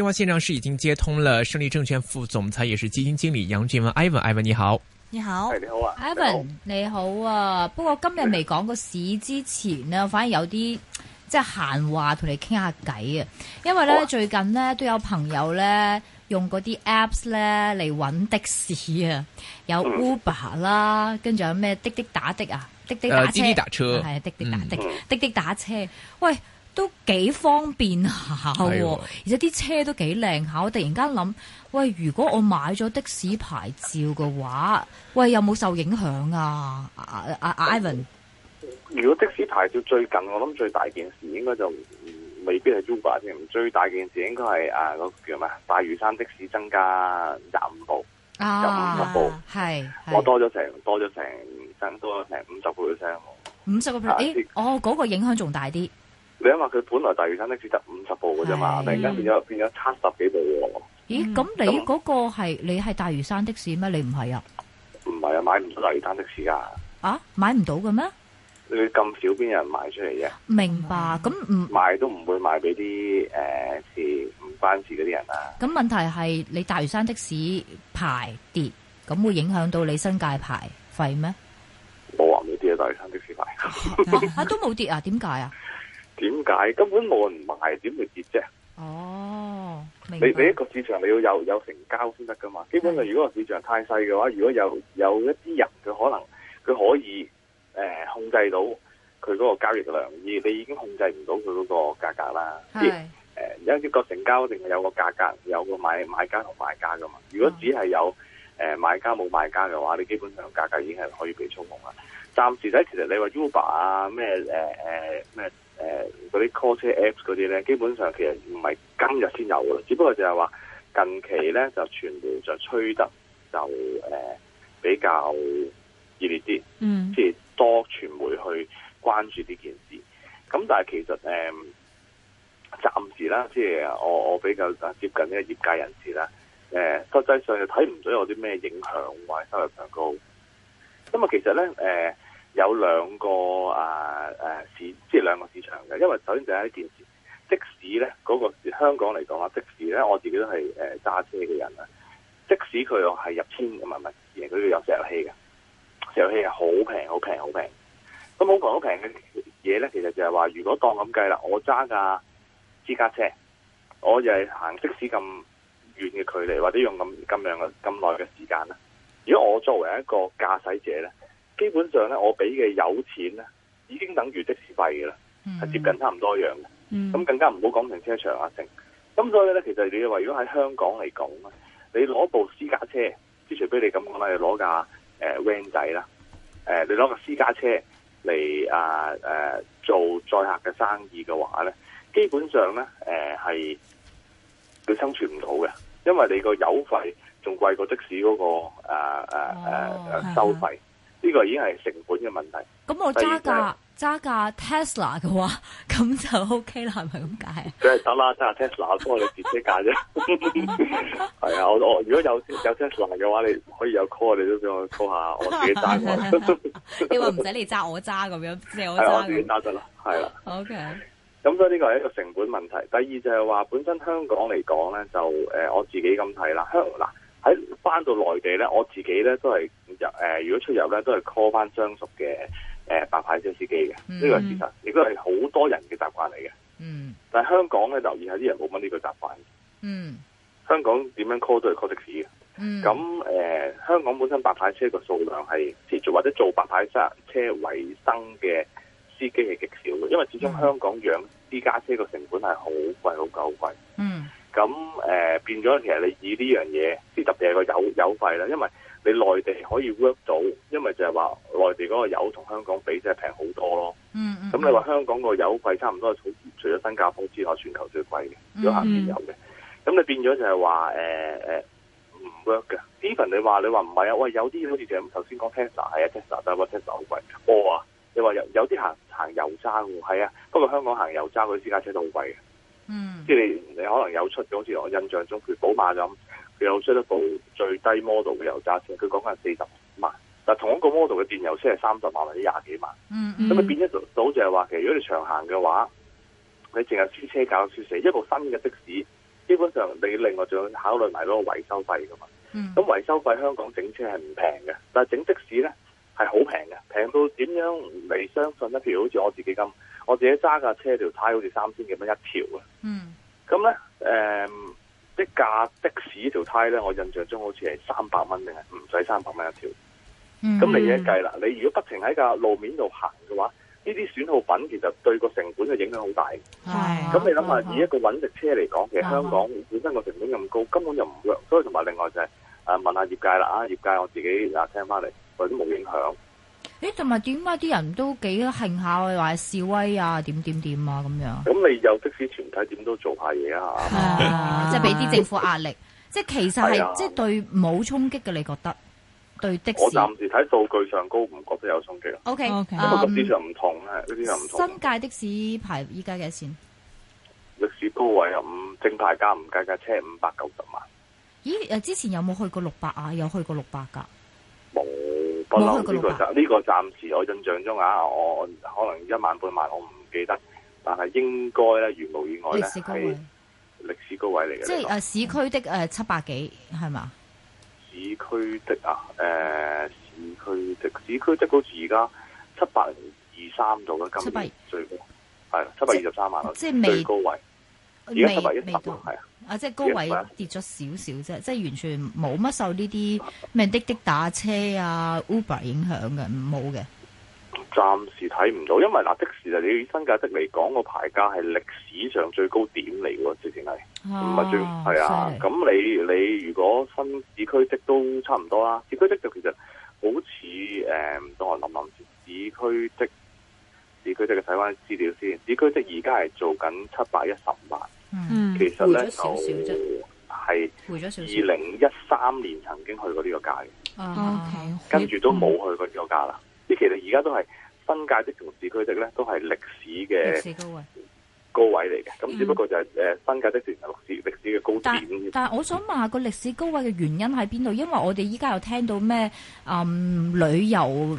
電話線上是已經接通了，勝利證券副總裁也是基金經理楊俊文 Ivan，Ivan 你好，你好，Ivan 你好啊，你好不過今日未講個市之前呢、哎，反而有啲即係閒話同你傾下偈啊，因為咧、哦、最近呢，都有朋友咧用嗰啲 apps 咧嚟揾的士啊，有 Uber 啦，嗯、跟住有咩滴滴打的啊，滴滴打車，係、呃、啊，滴滴打的、嗯嗯，滴滴打車，喂。都幾方便下，而且啲車都幾靚下。我突然間諗，喂，如果我買咗的士牌照嘅話，喂，有冇受影響啊？阿阿 Ivan，如果的士牌照最近我諗最大件事，應該就未必係 Uber 添。最大件事應該係啊，嗰個叫咩？大嶼山的士增加廿五部，廿五部係，我多咗成多咗成，增多咗成五十個 percent，五十個 percent。誒、哎，哦，嗰、那個影響仲大啲。你話佢本來大嶼山的士得五十部嘅啫嘛，突然間變咗變咗七十幾部喎。咦？咁、嗯、你嗰個係你係大嶼山的士咩？你唔係啊？唔係啊，買唔到大嶼山的士啊！啊，買唔到嘅咩？你咁少邊有人賣出嚟啫？啊？明白。咁唔賣都唔會賣俾啲誒、似唔關事嗰啲人啊。咁問題係你大嶼山的士牌跌，咁會影響到你新界牌廢咩？我話冇跌啊！大嶼山的士牌啊，都冇跌啊？點解啊？點解根本冇人賣，點會跌啫？哦，你你一個市場你要有有成交先得噶嘛？基本上如果個市場太細嘅話，如果有有一啲人，佢可能佢可以誒、呃、控制到佢嗰個交易量，而你已經控制唔到佢嗰個價格啦。係誒，而家個成交定係有個價格，有個買買家同賣家噶嘛？如果只係有誒買、呃、家冇買家嘅話，你基本上價格已經係可以被操控啦。暫時睇，其實你話 Uber 啊，咩誒誒咩？呃誒、呃，嗰啲 call 車 apps 嗰啲咧，基本上其實唔係今日先有嘅，只不過就係話近期咧就傳媒就吹得就誒、呃、比較熱烈啲，嗯，即係多傳媒去關注呢件事。咁但係其實誒，暫、呃、時啦，即、就、係、是、我我比較接近呢個業界人士啦，誒、呃，實際上就睇唔到有啲咩影響或者收入上高。咁其實咧，誒、呃。有兩個啊誒、啊、市，即係兩個市場嘅。因為首先就係呢件事，的士咧嗰個香港嚟講啊，的士咧我自己都係誒揸車嘅人啊。的士是入的士佢又係入千唔係咪？係佢叫入石油氣嘅，石油氣係好平好平好平。咁好平好平嘅嘢咧，其實就係話，如果當咁計啦，我揸架私家車，我就係行的士咁遠嘅距離，或者用咁咁樣嘅咁耐嘅時間咧。如果我作為一個駕駛者咧。基本上咧，我俾嘅油錢咧，已經等於的士費嘅啦，係、mm -hmm. 接近差唔多一樣嘅。咁、mm -hmm. 更加唔好講停車場啊，剩。咁所以咧，其實你話如果喺香港嚟講咧，你攞部私家車即係除非你咁講啦，你攞架誒 van 仔啦，誒、啊、你攞個私家車嚟啊誒、啊、做載客嘅生意嘅話咧，基本上咧誒係佢生存唔到嘅，因為你個油費仲貴過的士嗰、那個誒誒、啊啊 oh, 啊、收費。呢、這個已經係成本嘅問題。咁我揸架揸架 Tesla 嘅話，咁就 OK 啦，係咪咁解？梗係得啦，揸下 Tesla 都係你自己揀啫。係 啊， 我我如果有有 Tesla 嘅話，你可以有 call，你都俾我 call 一下，我自己揸。你話唔使你揸，我揸咁樣，你我揸嘅。揸得啦，係啦。OK。咁所以呢個係一個成本問題。第二就係話本身香港嚟講咧，就誒、呃，我自己咁睇啦。香嗱。.喺翻到內地咧，我自己咧都係入誒、呃，如果出遊咧都係 call 翻相熟嘅誒白牌車司機嘅，呢、嗯呢個事實亦都係好多人嘅習慣嚟嘅。嗯，但係香港咧留意係啲人冇乜呢個習慣。嗯，香港點樣 call 都係 call 的士嘅。咁、嗯、誒、呃，香港本身白牌車嘅數量係持續，或者做白牌車維生嘅司機係極少嘅，因為始終香港養私家車嘅成本係好貴，好貴好貴。嗯。嗯。咁誒、呃、變咗，其實你以呢樣嘢，特別係個油油費啦，因為你內地可以 work 到，因為就係話內地嗰個油同香港比，真係平好多咯。Mm -hmm. 嗯，咁你話香港個油費差唔多係除咗新加坡之外全球最貴嘅，如果行油嘅，咁、mm -hmm. 你變咗就係話誒誒唔 work 嘅。Stephen，你話你話唔係啊？喂，有啲好似就係頭先講 Tesla 係啊，Tesla 但係 Tesla 好貴。我、oh, 話你話有有啲行行油渣喎，係啊，不過香港行油渣佢私家車都好貴嘅。嗯，即係你你可能有出咗，好似我印象中佢寶馬咁，佢有出一部最低 model 嘅油價車，佢講緊係四十萬，但係同一個 model 嘅電油車係三十萬或者廿幾萬。咁啊、嗯嗯、變一到就係話，其實如果你長行嘅話，你淨係租車搞車事，一部新嘅的、的士，基本上你另外仲要考慮埋嗰個維修費噶嘛。咁維修費香港整車係唔平嘅，但係整的士咧係好平嘅，平到點樣嚟相信咧？譬如好似我自己咁。我自己揸架車條胎好似三千幾蚊一條啊，咁咧誒即架的士條胎咧，我印象中好似係三百蚊定係唔使三百蚊一條。咁、嗯、你而家計啦，你如果不停喺架路面度行嘅話，呢啲損耗品其實對個成本嘅影響好大。咁、哎、你諗下、哎，以一個揾食車嚟講，其實香港本身個成本咁高，根本就唔弱。所以同埋另外就係、是、啊、呃、問，問下業界啦，啊業界我自己啊聽翻嚟，或者冇影響。誒，同埋點解啲人都幾興下啊？話示威啊，點點點啊，咁樣。咁你有的士團體，點都做下嘢啊， 啊？即係俾啲政府壓力，即係其實係即係對冇衝擊嘅，你覺得？對的士，我暫時睇數據上高唔覺得有衝擊啊。O K O K，咁啊呢啲就唔同啦，呢啲就唔同。新界的士牌依家幾錢？歷史高位啊，五正牌價唔計架車五百九十萬。咦？誒，之前有冇去過六百啊？有去過六百噶？冇。呢個暫時我印象中啊，我可能一萬半萬我唔記得，但係應該咧，如無意外咧係歷史高位嚟嘅。即係誒，市區的誒七百幾係嘛？市區的啊，誒，市區的，市區的，好似而家七百二三度嘅今年最高，係七百二十三萬啦，即係未高位，而家七百一十係啊。啊！即係高位跌咗少少啫，yes, right. 即係完全冇乜受呢啲咩滴滴打車啊、 Uber 影響嘅，冇嘅。暫時睇唔到，因為嗱的士就你以新界的嚟講個牌價係歷史上最高點嚟嘅，直情係唔係最係啊！咁你你如果分市區的都差唔多啦，市區的就其實好似誒，等、嗯、我諗諗先。市區的市區的，我睇翻資料先。市區的而家係做緊七百一十萬。嗯，其實呢，少少啫，係回咗少。二零一三年曾經去過呢個價嘅，跟住都冇去過呢個價啦、嗯。其實而家都係新界的同市區的咧，都係歷史嘅高位的高位嚟嘅。咁只不過就係誒新界的士歷史嘅高點。但係我想問下、個歷史高位嘅原因喺邊度？因為我哋依家又聽到咩啊、嗯、旅遊？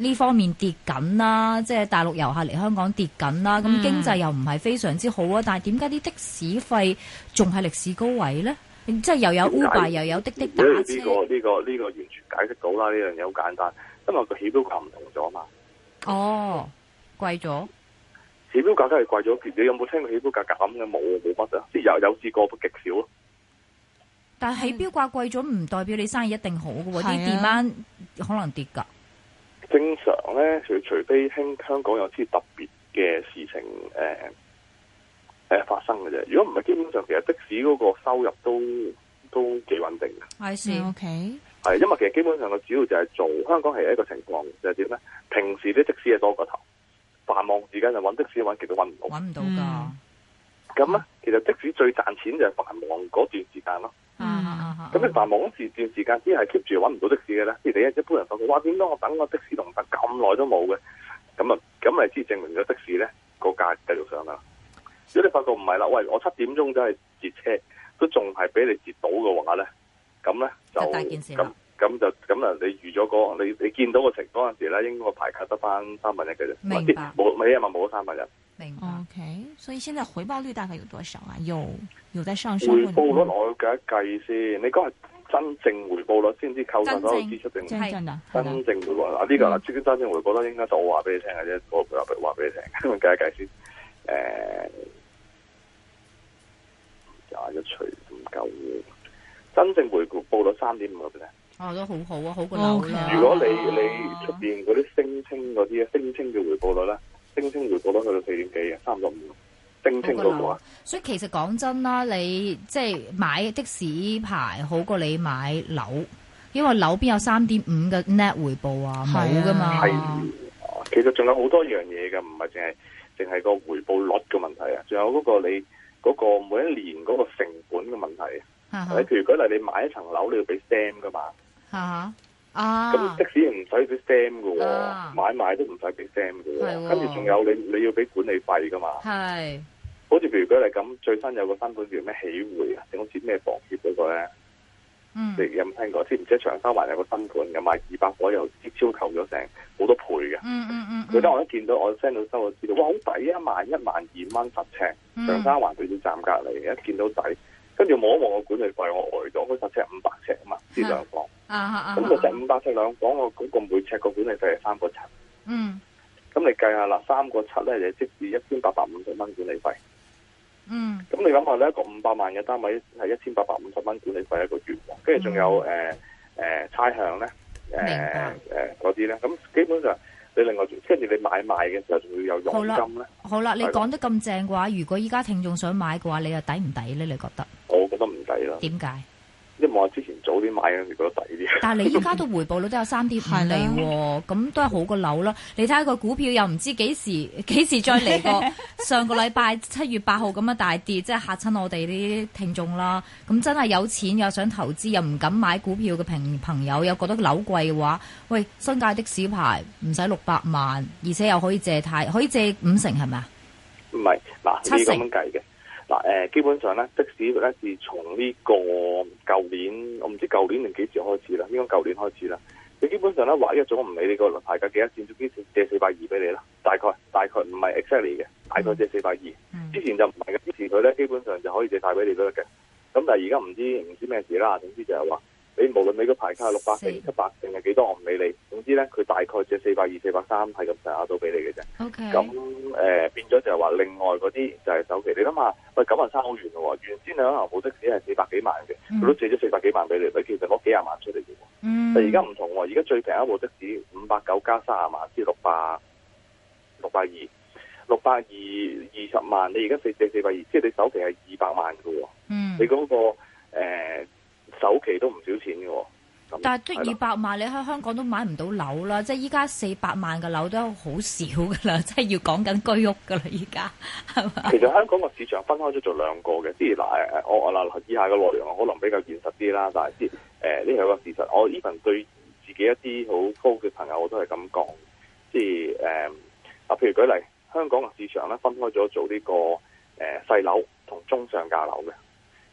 呢方面跌緊啦，即係大陸遊客嚟香港跌緊啦，咁經濟又唔係非常之好啊、嗯，但係點解啲的士費仲係歷史高位咧？即係又有 Uber 又有滴滴打車。呢個呢個呢個完全解釋到啦，呢樣嘢好簡單，因為個起標價唔同咗嘛。哦，貴咗。起標價真係貴咗，你有冇聽過起標價減嘅？冇冇乜啊？即係有有試過極少咯。但係起標價貴咗唔代表你生意一定好嘅喎，啲 demand 可能跌㗎。正常咧，佢除非聽香港有啲特別嘅事情，誒、呃、誒、呃、發生嘅啫。如果唔係，基本上其實的士嗰個收入都都幾穩定嘅。係 OK。係，因為其實基本上個主要就係做香港係一個情況，就係點咧？平時啲的士係多過頭，繁忙時間就揾的士揾極都揾唔到。揾唔到噶。咁、嗯、啊，其實的士最賺錢就係繁忙嗰段時間咯。嗯，咁、嗯嗯、你繁忙時段時間、嗯、只係 keep 住揾唔到的士嘅咧，即係你一般人發覺，哇，點解我等個的士同等咁耐都冇嘅？咁啊，咁咪只證明咗的士咧個價繼續上啦、嗯。如果你發覺唔係啦，喂，我七點鐘都係截車，都仲係俾你截到嘅話咧，咁咧就咁咁就咁啊、那個！你預咗個你你見到個情況嗰陣時咧，應該個牌卡得返三百日嘅啫，未必冇因為冇咗三百日。O、okay, K，所以現在回報率大概有多少啊？有有在上升。回報率我計一計先，你講係真正回報率先知扣咗好多支出定真正回報率？嗱、這、呢個啦，真、嗯、真正回報率應該就我話俾你聽嘅啫，我話俾你聽，計一計先。誒、哎，一除唔夠，真正回報率三點五 percent。哦，都好好啊，好過你。如果你、啊、你出邊嗰啲聲稱嗰啲聲稱嘅回報率咧。升清，清回報都去到四點幾啊，差唔多五。升清嗰個啊，所以其實講真啦，你即係買的士牌好過你買樓，因為樓邊有三點五嘅 net 回報的啊，冇噶嘛。係，其實仲有好多樣嘢噶，唔係淨係淨係個回報率嘅問題啊，仲有嗰個你嗰、嗰個每一年嗰個成本嘅問題啊。譬如舉例，你買一層樓，你要俾 stamp 噶嘛？哈哈啊！咁即使唔使俾 stamp 嘅，買賣都唔使俾 stamp 嘅，跟住仲有你你要俾管理費噶嘛？係，好似譬如佢果咁最新有個新盤叫咩喜匯啊，定好似咩房協嗰個咧？你有冇聽過？即唔知,不知道長沙灣有個新盤，嘅，賣二百伙又即超購咗成好多倍嘅。嗯嗯嗯，嗰、嗯、陣我一見到我 send 到收我知道，哇好抵啊！萬一萬二蚊十尺，長沙灣地鐵站隔離，一見到抵。嗯跟住摸一望個管理費，我呆咗。嗰十尺五百尺啊嘛，呢兩房，咁就成五百尺兩房。我嗰個每尺個管理費係三個七。嗯，咁你計下啦，三個七咧就即係一千八百五十蚊管理費。嗯，咁你諗下呢、嗯、一個五百萬嘅單位係一千八百五十蚊管理費一個月，跟住仲有誒誒、嗯呃呃、差餉咧，誒誒嗰啲咧。咁、呃、基本上你另外，跟住你買賣嘅時候仲要有佣金咧。好啦，你講得咁正嘅話，如果依家聽眾想買嘅話，你又抵唔抵咧？你覺得你值值？點解？因為我之前早啲買嘅，就覺得抵啲。 但係你依家都回報率都有三點半厘，咁都係好過樓啦。你睇下個股票又唔知幾時，幾時再嚟過 上個禮拜七月八號咁樣大跌，即係吓親我哋啲聽眾啦。咁真係有錢又想投資又唔敢買股票嘅平朋友，又覺得樓貴嘅話，喂，新界的士牌唔使六百萬，而且又可以借貸，可以借五成係咪？唔係，嗱，七成咁計嘅。嗱，誒，基本上咧，即使咧，自從呢個舊年，我唔知舊年定幾時開始啦，應該舊年開始啦。你基本上咧，話一我唔理呢個牌價，幾多錢，總之，借四百二俾你啦，大概大概唔係 exactly 嘅，大概借四百二。之前，mm. 就唔係嘅，之前佢咧基本上就可以借晒俾你都得嘅。咁但係而家唔知唔知咩事啦，總之就係話。你無論你個牌卡係六百定七百定係幾多，我唔理你。總之咧，佢大概借四百二、四百三係咁上下到俾你嘅啫。咁，okay. 誒、呃，變咗就話另外嗰啲就係首期。你諗下，喂，九萬三好遠喎，原先你可能部的士係四百幾萬嘅，佢，嗯，都借咗四百幾萬俾你，你其實攞幾廿萬出嚟嘅，嗯。但而家唔同，而家最平一部的士五百九加三十萬至六百六百二六百二二十萬，你而家四四四百二，即係你首期係二百萬嘅。嗯，你嗰、嗰個誒。呃首期都唔少錢嘅，但係都二百萬你喺香港都買唔到樓啦，即係依家四百萬嘅樓都好少噶啦，即係要講緊居屋噶啦，依家係嘛？其實香港個市場分開咗做兩個嘅，即係嗱誒誒，我我啦以下嘅內容可能比較現實啲啦，但係即係誒呢係個事實，我 even 對自己一啲好高嘅朋友我都係咁講，即係誒啊，譬如舉例，香港嘅市場咧分開咗做呢、這個誒、呃、細樓同中上價樓嘅，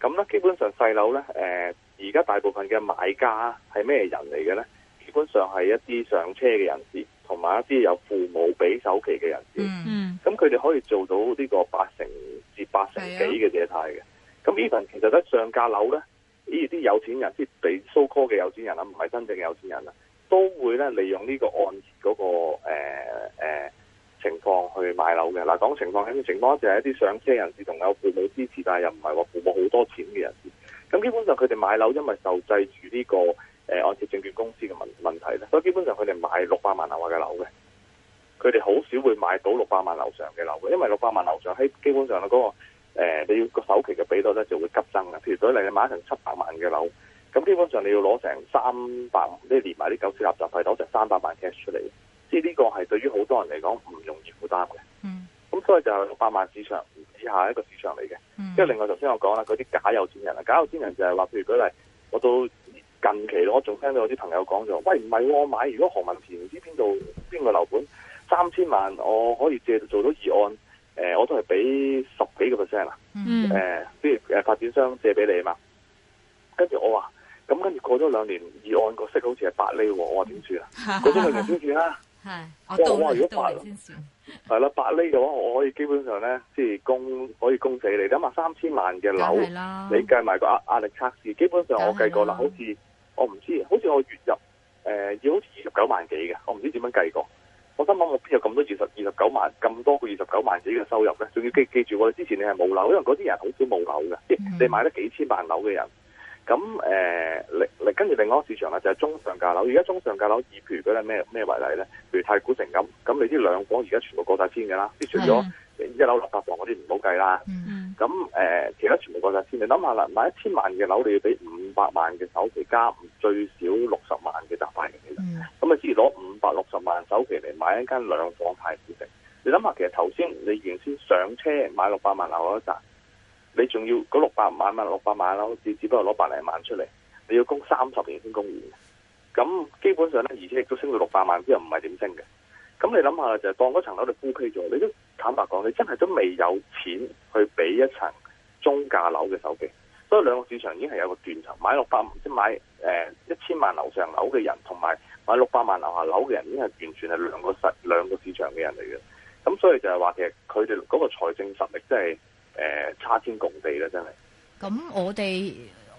咁咧基本上細樓咧誒。呃而家大部分嘅買家係咩人嚟嘅咧？基本上係一啲上車嘅人士，同埋一啲有父母俾首期嘅人士。嗯咁佢哋可以做到呢個八成至八成幾嘅借貸嘅。咁、yeah. even、mm -hmm. 其實咧上架樓咧，呢啲有錢人，啲俾 so called 嘅有錢人啦，唔係真正嘅有錢人啦，都會咧利用呢個按揭嗰個、呃呃、情況去買樓嘅。嗱，講情況係咩情況？就係一啲上車人士同有父母支持，但係又唔係話父母好多錢嘅人士。咁基本上佢哋買樓，因為受制住呢、這個誒，按揭證券公司嘅問問題咧，所以基本上佢哋買六百萬樓下嘅樓嘅，佢哋好少會買到六百萬樓上嘅樓嘅，因為六百萬樓上喺基本上、那個誒、呃，你要個首期嘅比率咧就會急增嘅，譬如舉例你買成七百萬嘅樓，咁基本上你要攞成三百，即係連埋啲九四合集費，攞成三百萬 cash 出嚟，即係呢個係對於好多人嚟講唔容易負擔嘅。嗯。咁、嗯、所以就係六百萬市場以下一個市場嚟嘅，即、嗯、係另外頭先我講啦，嗰啲假有錢人啊，假有錢人就係話，譬如舉例，我到近期咧，我仲聽到有啲朋友講咗，喂唔係，我買如果何文田唔知邊度邊個樓盤三千萬，我可以借做到二按，誒、呃，我都係俾十幾個 percent 啊，即、嗯呃、發展商借俾你嘛，跟住我話，咁跟住過咗兩年，二按個息好似係八厘喎。」我話點算啊？嗰啲咪就點算啦？嗯。係，即係我如果八買，係啦，八厘嘅話，我可以基本上咧，即係供可以供死你。你諗下三千萬嘅樓，你計埋個壓壓力測試，基本上我計過啦，好似我唔知道，好似我月入誒、呃、要好似二十九萬幾嘅，我唔知點樣計過。我心諗我邊有咁多二十二十九萬咁多個二十九萬幾嘅收入咧？仲要記記住我哋、哦、之前你係冇樓，因為嗰啲人好少冇樓嘅，你買得幾千萬樓嘅人。咁誒、呃，跟住另外一個市場啦，就係、是、中上價樓。而家中上價樓以譬如嗰啲咩咩為例咧？譬如太古城咁，咁你啲兩房而家全部過晒千㗎啦。即除咗一樓六百房嗰啲唔好計啦。咁誒、呃，其他全部過晒千。你諗下啦，買一千萬嘅樓，你要俾五百萬嘅首期加最少六十萬嘅押牌嘅。咁啊，你只要攞五百六十萬首期嚟買一間兩房太古城。你諗下，其實頭先你原先上車買六百萬樓嗰陣。你仲要嗰六百萬嘛？六百萬咯，只只不過攞百零萬出嚟，你要供三十年先供完嘅。咁基本上咧，而且亦都升到六百萬，之後唔係點升嘅。咁你諗下就係、是、當嗰層樓你枯竭咗，你都坦白講，你真係都未有錢去俾一層中價樓嘅首期。所以兩個市場已經係有個斷層，買六百即買誒一千萬樓上樓嘅人，同埋買六百萬樓下樓嘅人，已經係完全係兩個實兩個市場嘅人嚟嘅。咁所以就係話其實佢哋嗰個財政實力真、就、係、是。誒、呃，差天共地啦，真係。咁我哋，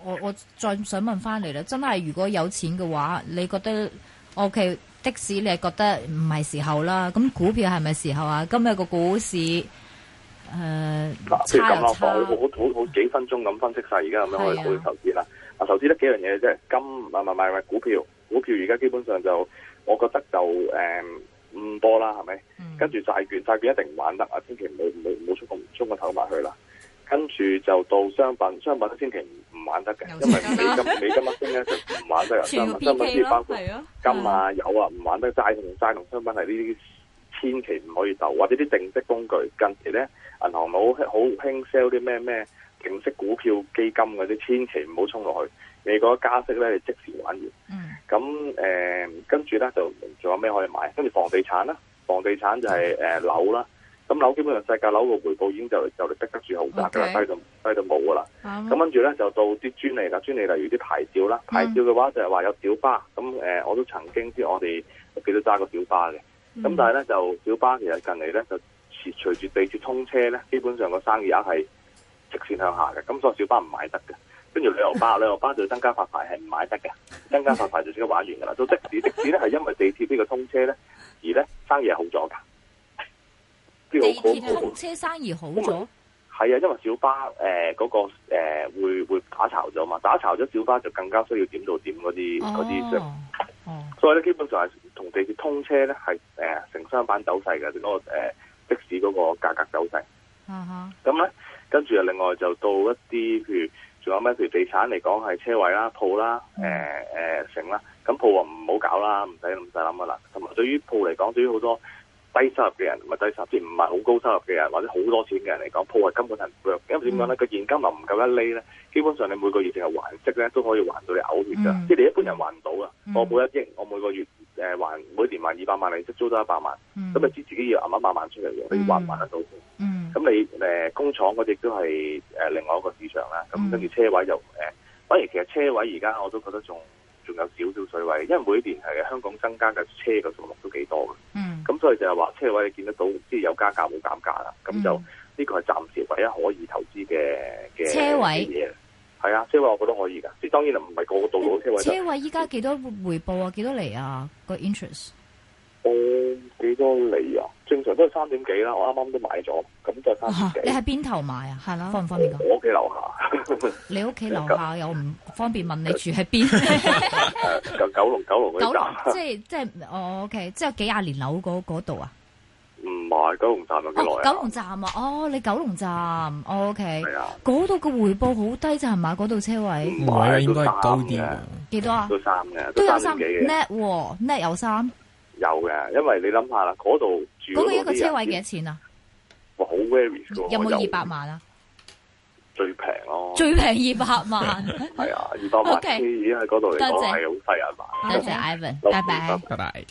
我我再想問翻你啦，真係，如果有錢嘅話，你覺得，OK，的士你係覺得唔係時候啦，咁股票係咪時候啊？今日個股市，誒、呃，咁，差又差，好好好幾分鐘咁分析晒，而家咁樣可以開始投資啦。啊，投資得幾樣嘢啫，金，唔係唔係係，股票，股票而家基本上就，我覺得就誒。嗯唔多啦，係咪？跟住債券，債券一定唔玩得啊！千祈唔好唔好唔好衝咁衝個頭埋去啦。跟住就到商品，商品都千祈唔玩得嘅、啊，因為美金美金一升咧就唔玩得。商品，有商品啲包括金啊、啊油啊，唔玩得，債同債同商品係呢啲，千祈唔可以投。或者啲定息工具，近期咧銀行冇好興 sell 啲咩咩定息股票基金嗰啲，千祈唔好衝落去。美國加息咧，你即時玩完嗯咁誒，跟住咧就仲有咩可以買？跟住房地產啦，房地產就係誒樓啦。咁、嗯、樓、呃、基本上世界樓嘅回報已經就就逼得住豪宅噶啦，低到低到冇噶啦。咁、嗯、跟住咧就到啲專利啦，專利例如啲牌照啦，牌照嘅話就係話有小巴。咁、嗯、誒，嗯、我都曾經知我哋幾多揸過小巴嘅。咁、嗯、但係咧就小巴其實近嚟咧就隨住地鐵通車咧，基本上個生意額係直線向下嘅。咁所以小巴唔買得嘅。跟住旅遊巴，旅遊巴就增加發牌係唔買得嘅，增加發牌就即刻玩完噶啦。 到的士 的士咧，係因為地鐵呢個通車咧，而咧生意係好咗噶。地鐵通車生意好咗。係啊，因為小巴誒嗰、呃那個誒、呃、會會打巢咗嘛，打巢咗小巴就更加需要點到點嗰啲嗰啲即係，所以咧基本上係同地鐵通車咧係誒成雙板走勢嘅，即係誒的士嗰個價格走勢。嗯哼。咁咧跟住啊，另外就到一啲譬如。仲有咩？譬如地產嚟講，係車位啦、鋪啦、誒、mm. 城、呃、啦。咁鋪唔好搞啦，唔使唔使諗噶啦。同埋對於鋪嚟講，對於好多低收入嘅人同埋低收入，即係唔係好高收入嘅人或者好多錢嘅人嚟講，鋪係根本係唔約。因為點講咧？佢、mm. 現金又唔夠一厘咧。基本上你每個月淨係還息咧，都可以還到你嘔血㗎。Mm. 即係你一般人還唔到啊。Mm. 我每一億，我每個月還，每年還二百萬你即租多一百萬。咁啊，知自己要啱一百萬出嚟嘅，可、mm. 以還唔還得到。Mm. 咁你、呃、工廠嗰隻都係另外一個市場啦，咁跟住車位就誒、呃，反而其實車位而家我都覺得仲仲有少少水位，因為每年係香港增加嘅車嘅數目都幾多嘅，咁、嗯、所以就係話車位你見得到，即係有加價冇減價啦，咁就呢、嗯呢個係暫時唯一可以投資嘅嘅車位係啊，車位我覺得可以㗎，即係當然唔係個個道路嘅車位，車位依家幾多回報啊？幾多厘啊？個 interest？我、哦、幾多厘啊？正常都係三點幾啦。我啱啱都買咗，咁就三點幾、啊、你喺邊頭買啊？係咯，方唔方便？我屋企樓下， 你屋企樓下又唔方便問你住喺邊 九龍？ 九龍九龍九站，九龍即係即係我 OK，即係幾廿年樓嗰度啊？唔係九龍站，啊？九龍、哦、站啊？哦，你九龍站、哦、OK，係嗰度個回報好低咋係嘛？嗰 度車位唔係啊，應該高啲。幾多啊？都，三都三有三嘅，都有、啊、net 有三？有嘅，因為你諗下啦，嗰度住那。嗰、嗰個一個車位幾多錢啊？哇，好 vary 嘅喎有冇二百萬啊？最平咯。最平二百萬。係、 okay. 哎、啊，二百萬已經喺嗰度嚟講係好細啊嘛。多謝 Ivan，拜拜，拜拜。